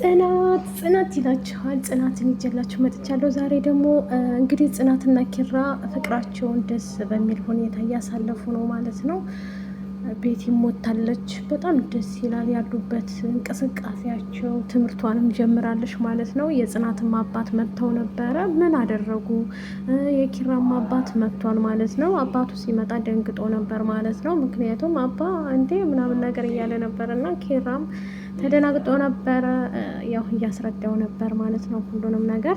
ጽናት ጽናት ይላችኋል። ጽናትን ይዤላችሁ መጥቻለሁ። ዛሬ ደግሞ እንግዲህ ጽናትና ኪራ ፍቅራቸውን ደስ በሚል ሁኔታ እያሳለፉ ነው ማለት ነው። ቤቲ ሞታለች። በጣም ደስ ይላል ያሉበት እንቅስቃሴያቸው። ትምህርቷንም ጀምራለች ማለት ነው። የጽናትም አባት መጥተው ነበረ። ምን አደረጉ? የኪራም አባት መጥቷል ማለት ነው። አባቱ ሲመጣ ደንግጦ ነበር ማለት ነው። ምክንያቱም አባ እንዴ ምናምን ነገር እያለ ነበር እና ኪራም ተደናግጦ ነበረ። ያው እያስረዳው ነበር ማለት ነው ሁሉንም ነገር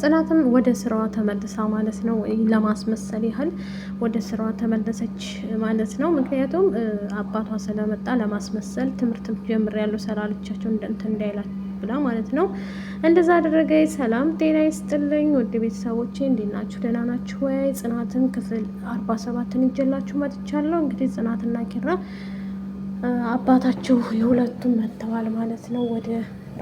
ጽናትም ወደ ስራዋ ተመልሳ ማለት ነው። ለማስመሰል ያህል ወደ ስራዋ ተመለሰች ማለት ነው። ምክንያቱም አባቷ ስለመጣ ለማስመሰል ትምህርትም ጀምሬያለሁ ስላለቻቸው እንደንት እንዳይላቸው ብላ ማለት ነው። እንደዛ አደረገ። ሰላም ጤና ይስጥልኝ ውድ ቤተሰቦቼ እንዴት ናችሁ? ደህና ናችሁ ወይ? ጽናትን ክፍል አርባ ሰባትን ይዤላችሁ መጥቻለሁ። እንግዲህ ጽናትና ኪራ አባታቸው የሁለቱም መጥተዋል ማለት ነው ወደ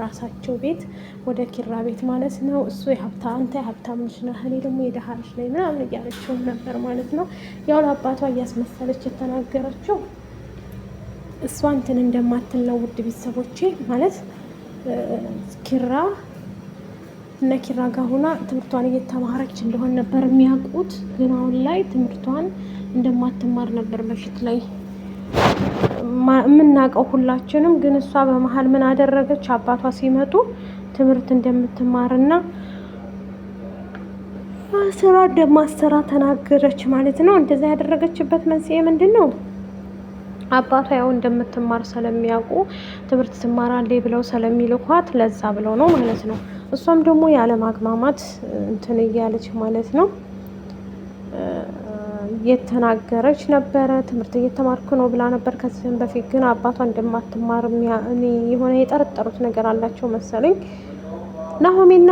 ራሳቸው ቤት ወደ ኪራ ቤት ማለት ነው። እሱ የሀብታ አንተ የሀብታም ልጅ ነህ፣ እኔ ደግሞ የድሃ ልጅ ነኝ ምናምን እያለችውን ነበር ማለት ነው። ያው ለአባቷ እያስመሰለች የተናገረችው እሷ እንትን እንደማትል ነው። ውድ ቤተሰቦቼ ማለት ኪራ እነ ኪራ ጋር ሆና ትምህርቷን እየተማረች እንደሆን ነበር የሚያውቁት፣ ግን አሁን ላይ ትምህርቷን እንደማትማር ነበር በፊት ላይ የምናውቀው ሁላችንም። ግን እሷ በመሀል ምን አደረገች? አባቷ ሲመጡ ትምህርት እንደምትማርና ስራ እንደማሰራ ተናገረች ማለት ነው። እንደዛ ያደረገችበት መንስኤ ምንድን ነው? አባቷ ያው እንደምትማር ስለሚያውቁ ትምህርት ትማራለች ብለው ስለሚልኳት ለዛ ብለው ነው ማለት ነው። እሷም ደግሞ ማግማማት እንትን እያለች ማለት ነው እየተናገረች ነበረ። ትምህርት እየተማርኩ ነው ብላ ነበር። ከዚህም በፊት ግን አባቷ እንደማትማር የሆነ የጠረጠሩት ነገር አላቸው መሰለኝ። ናሆሜና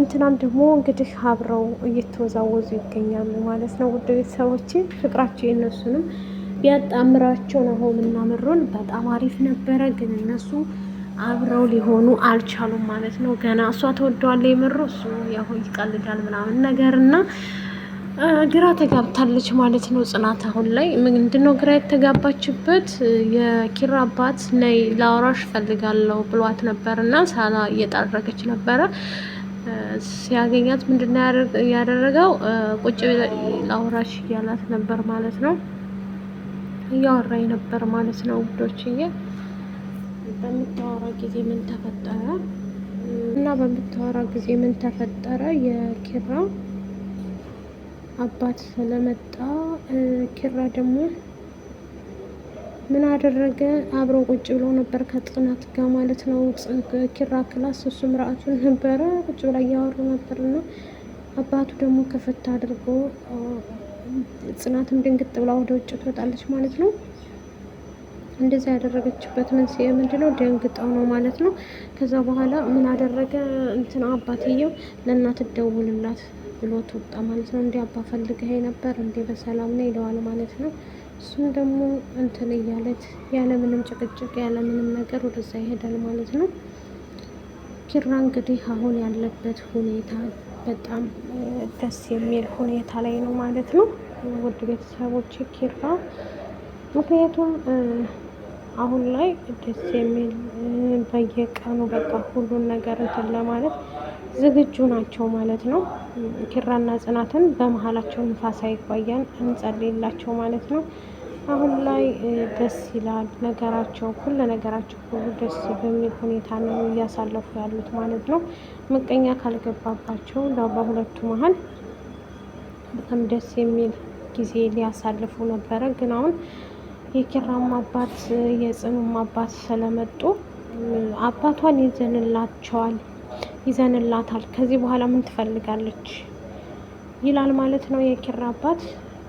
እንትናም ደግሞ እንግዲህ አብረው እየተወዛወዙ ይገኛሉ ማለት ነው። ውድ ቤተሰቦች ፍቅራቸው የነሱንም ቢያጣምራቸው ናሆምና ምሩን በጣም አሪፍ ነበረ፣ ግን እነሱ አብረው ሊሆኑ አልቻሉም ማለት ነው። ገና እሷ ተወደዋለ የምሮ እሱ ያው ይቀልዳል ምናምን ነገር እና ግራ ተጋብታለች ማለት ነው። ጽናት አሁን ላይ ምንድነው ግራ የተጋባችበት? የኪራ አባት ነይ ላውራሽ ፈልጋለሁ ብሏት ነበር እና ሳላ እየጠረገች ነበረ። ሲያገኛት ምንድነው ያደረገው? ቁጭ ላውራሽ እያላት ነበር ማለት ነው። እያወራኝ ነበር ማለት ነው ውዶችዬ። በምታወራ ጊዜ ምን ተፈጠረ እና በምታወራ ጊዜ ምን ተፈጠረ የኪራ አባት ስለመጣ ኪራ ደግሞ ምን አደረገ? አብሮ ቁጭ ብሎ ነበር ከጽናት ጋር ማለት ነው። ኪራ ክላስ እሱ ምርአቱን ነበረ ቁጭ ብላ እያወሩ ነበር አባቱ ደግሞ ክፍት አድርጎ ጽናትም ድንግጥ ብላ ወደ ውጭ ትወጣለች ማለት ነው። እንደዚያ ያደረገችበት መንስኤ ምንድነው? ደንግጠው ነው ማለት ነው። ከዛ በኋላ ምን አደረገ እንትና አባትየው ለእናት ደውልላት ብሎት ወጣ ማለት ነው። እንዲህ አባ ፈልገህ ነበር እንዴ? በሰላም ነው ይለዋል ማለት ነው። እሱም ደግሞ እንትን እያለት ያለምንም ጭቅጭቅ ያለምንም ነገር ወደዛ ይሄዳል ማለት ነው። ኪራ እንግዲህ አሁን ያለበት ሁኔታ በጣም ደስ የሚል ሁኔታ ላይ ነው ማለት ነው። ውድ ቤተሰቦች ኪራ ምክንያቱም አሁን ላይ ደስ የሚል በየቀኑ በቃ ሁሉን ነገር እንትን ለማለት ዝግጁ ናቸው ማለት ነው። ኪራና ጽናትን በመሀላቸው ንፋስ አይግባያን እንጸልይላቸው ማለት ነው። አሁን ላይ ደስ ይላል ነገራቸው፣ ሁሉ ነገራቸው ሁሉ ደስ በሚል ሁኔታ ነው እያሳለፉ ያሉት ማለት ነው። ምቀኛ ካልገባባቸው በሁለቱ መሀል በጣም ደስ የሚል ጊዜ ሊያሳልፉ ነበረ ግን አሁን የኪራም አባት የጽኑም አባት ስለመጡ አባቷን ይዘንላቸዋል ይዘንላታል። ከዚህ በኋላ ምን ትፈልጋለች ይላል ማለት ነው። የኪራ አባት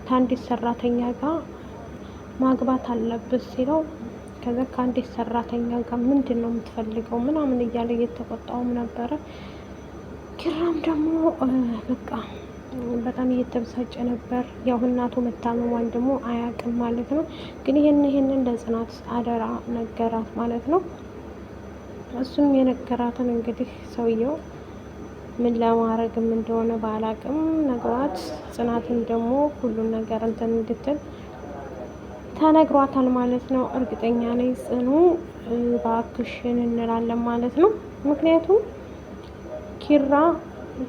ከአንዲት ሰራተኛ ጋር ማግባት አለብህ ሲለው ከዛ ከአንዲት ሰራተኛ ጋር ምንድን ነው የምትፈልገው ምናምን እያለ እየተቆጣውም ነበረ። ኪራም ደግሞ በቃ በጣም እየተበሳጨ ነበር። ያው እናቱ መታመሟን ደግሞ አያውቅም ማለት ነው። ግን ይህን ይህንን ለጽናት አደራ ነገራት ማለት ነው። እሱም የነገራትን እንግዲህ ሰውየው ምን ለማድረግም እንደሆነ ባላቅም ነገሯት። ጽናትም ደግሞ ሁሉን ነገር እንትን እንድትል ተነግሯታል ማለት ነው። እርግጠኛ ነኝ ጽኑ በአክሽን እንላለን ማለት ነው። ምክንያቱም ኪራ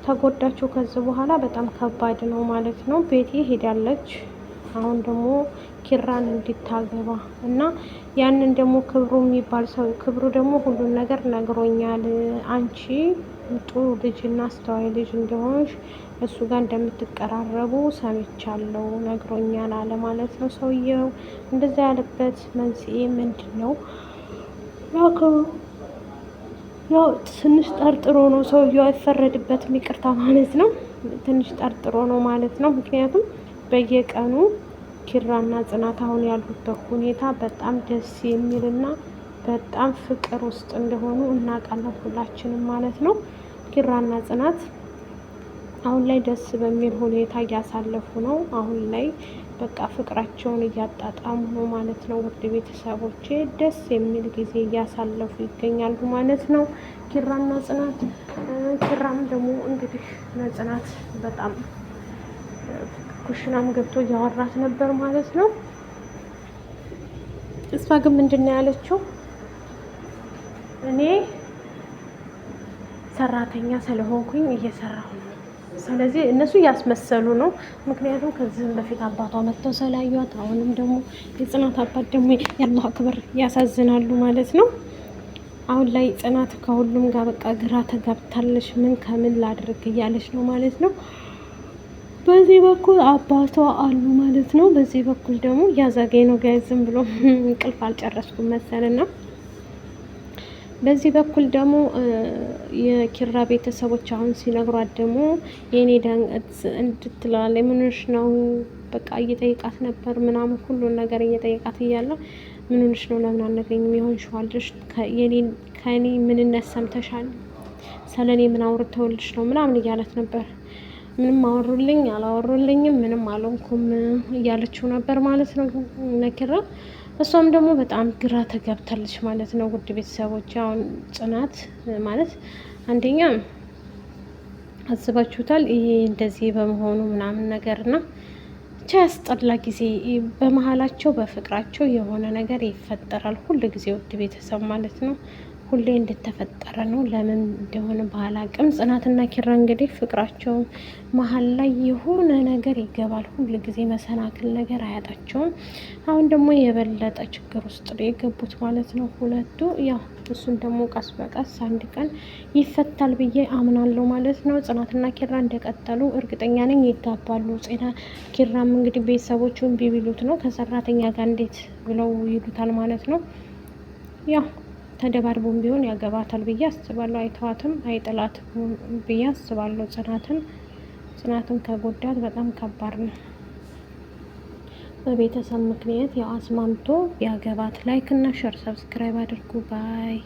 ተጎዳችው ከዚህ በኋላ በጣም ከባድ ነው ማለት ነው። ቤቲ ሄዳለች። አሁን ደግሞ ኪራን እንድታገባ እና ያንን ደግሞ ክብሩ የሚባል ሰው ክብሩ ደግሞ ሁሉን ነገር ነግሮኛል። አንቺ ጥሩ ልጅ እና አስተዋይ ልጅ እንደሆንሽ እሱ ጋር እንደምትቀራረቡ ሰምቻለሁ፣ ነግሮኛል አለ ማለት ነው ሰውየው። እንደዛ ያለበት መንስኤ ምንድን ነው? ያው ትንሽ ጠርጥሮ ነው ሰውየው አይፈረድበትም፣ ይቅርታ ማለት ነው። ትንሽ ጠርጥሮ ነው ማለት ነው። ምክንያቱም በየቀኑ ኪራና ጽናት አሁን ያሉበት ሁኔታ በጣም ደስ የሚልና በጣም ፍቅር ውስጥ እንደሆኑ እናውቃለን ሁላችንም ማለት ነው። ኪራና ጽናት አሁን ላይ ደስ በሚል ሁኔታ እያሳለፉ ነው አሁን ላይ በቃ ፍቅራቸውን እያጣጣሙ ነው ማለት ነው። ውድ ቤተሰቦቼ ደስ የሚል ጊዜ እያሳለፉ ይገኛሉ ማለት ነው። ኪራና ጽናት ኪራም ደግሞ እንግዲህ ለጽናት በጣም ኩሽናም ገብቶ እያወራት ነበር ማለት ነው። እሷ ግን ምንድን ነው ያለችው? እኔ ሰራተኛ ስለሆንኩኝ እየሰራሁ ነው ስለዚህ እነሱ እያስመሰሉ ነው። ምክንያቱም ከዚህም በፊት አባቷ መጥተው ስላዩት፣ አሁንም ደግሞ የጽናት አባት ደግሞ የአላህ ክብር ያሳዝናሉ ማለት ነው። አሁን ላይ ጽናት ከሁሉም ጋር በቃ ግራ ተጋብታለች። ምን ከምን ላድርግ እያለች ነው ማለት ነው። በዚህ በኩል አባቷ አሉ ማለት ነው። በዚህ በኩል ደግሞ እያዘገኝ ነው ጋይዝም ብሎ እንቅልፍ አልጨረስኩም መሰልና በዚህ በኩል ደግሞ የኪራ ቤተሰቦች አሁን ሲነግሯት ደግሞ የእኔ ዳንቀት እንድትላል የምንሽ ነው በቃ እየጠየቃት ነበር ምናምን ሁሉን ነገር እየጠይቃት እያለ ምንንሽ ነው ለምን አነገኝም የሆን ሸዋልሽ ከእኔ ምንነት ሰምተሻል? ስለ እኔ ምን አውርተውልሽ ነው ምናምን እያለት ነበር። ምንም አወሩልኝ አላወሩልኝም ምንም አልሆንኩም እያለችው ነበር ማለት ነው ነኪራ እሷም ደግሞ በጣም ግራ ተገብታለች ማለት ነው። ውድ ቤተሰቦች አሁን ጽናት ማለት አንደኛ አስባችሁታል ይሄ እንደዚህ በመሆኑ ምናምን ነገር እና ብቻ ያስጠላ ጊዜ በመሀላቸው በፍቅራቸው የሆነ ነገር ይፈጠራል ሁል ጊዜ ውድ ቤተሰብ ማለት ነው። ሁሌ እንደተፈጠረ ነው። ለምን እንደሆነ አቅም ጽናትና ኪራ እንግዲህ ፍቅራቸው መሀል ላይ የሆነ ነገር ይገባል። ሁል ጊዜ መሰናክል ነገር አያጣቸውም። አሁን ደግሞ የበለጠ ችግር ውስጥ ነው የገቡት ማለት ነው ሁለቱ። ያው እሱን ደግሞ ቀስ በቀስ አንድ ቀን ይፈታል ብዬ አምናለሁ ማለት ነው። ጽናትና ኪራ እንደቀጠሉ እርግጠኛ ነኝ ይጋባሉ። ጽና ኪራም እንግዲህ ቤተሰቦቹን ቢቢሉት ነው ከሰራተኛ ጋር እንዴት ብለው ይሉታል ማለት ነው ያው ተደባድቦም ቢሆን ያገባታል ብዬ አስባለሁ። አይተዋትም አይጥላትም ብዬ አስባለሁ። ጽናትን ጽናትን ከጎዳት በጣም ከባድ ነው። በቤተሰብ ምክንያት ያው አስማምቶ ያገባት። ላይክ እና ሸር ሰብስክራይብ አድርጉ ባይ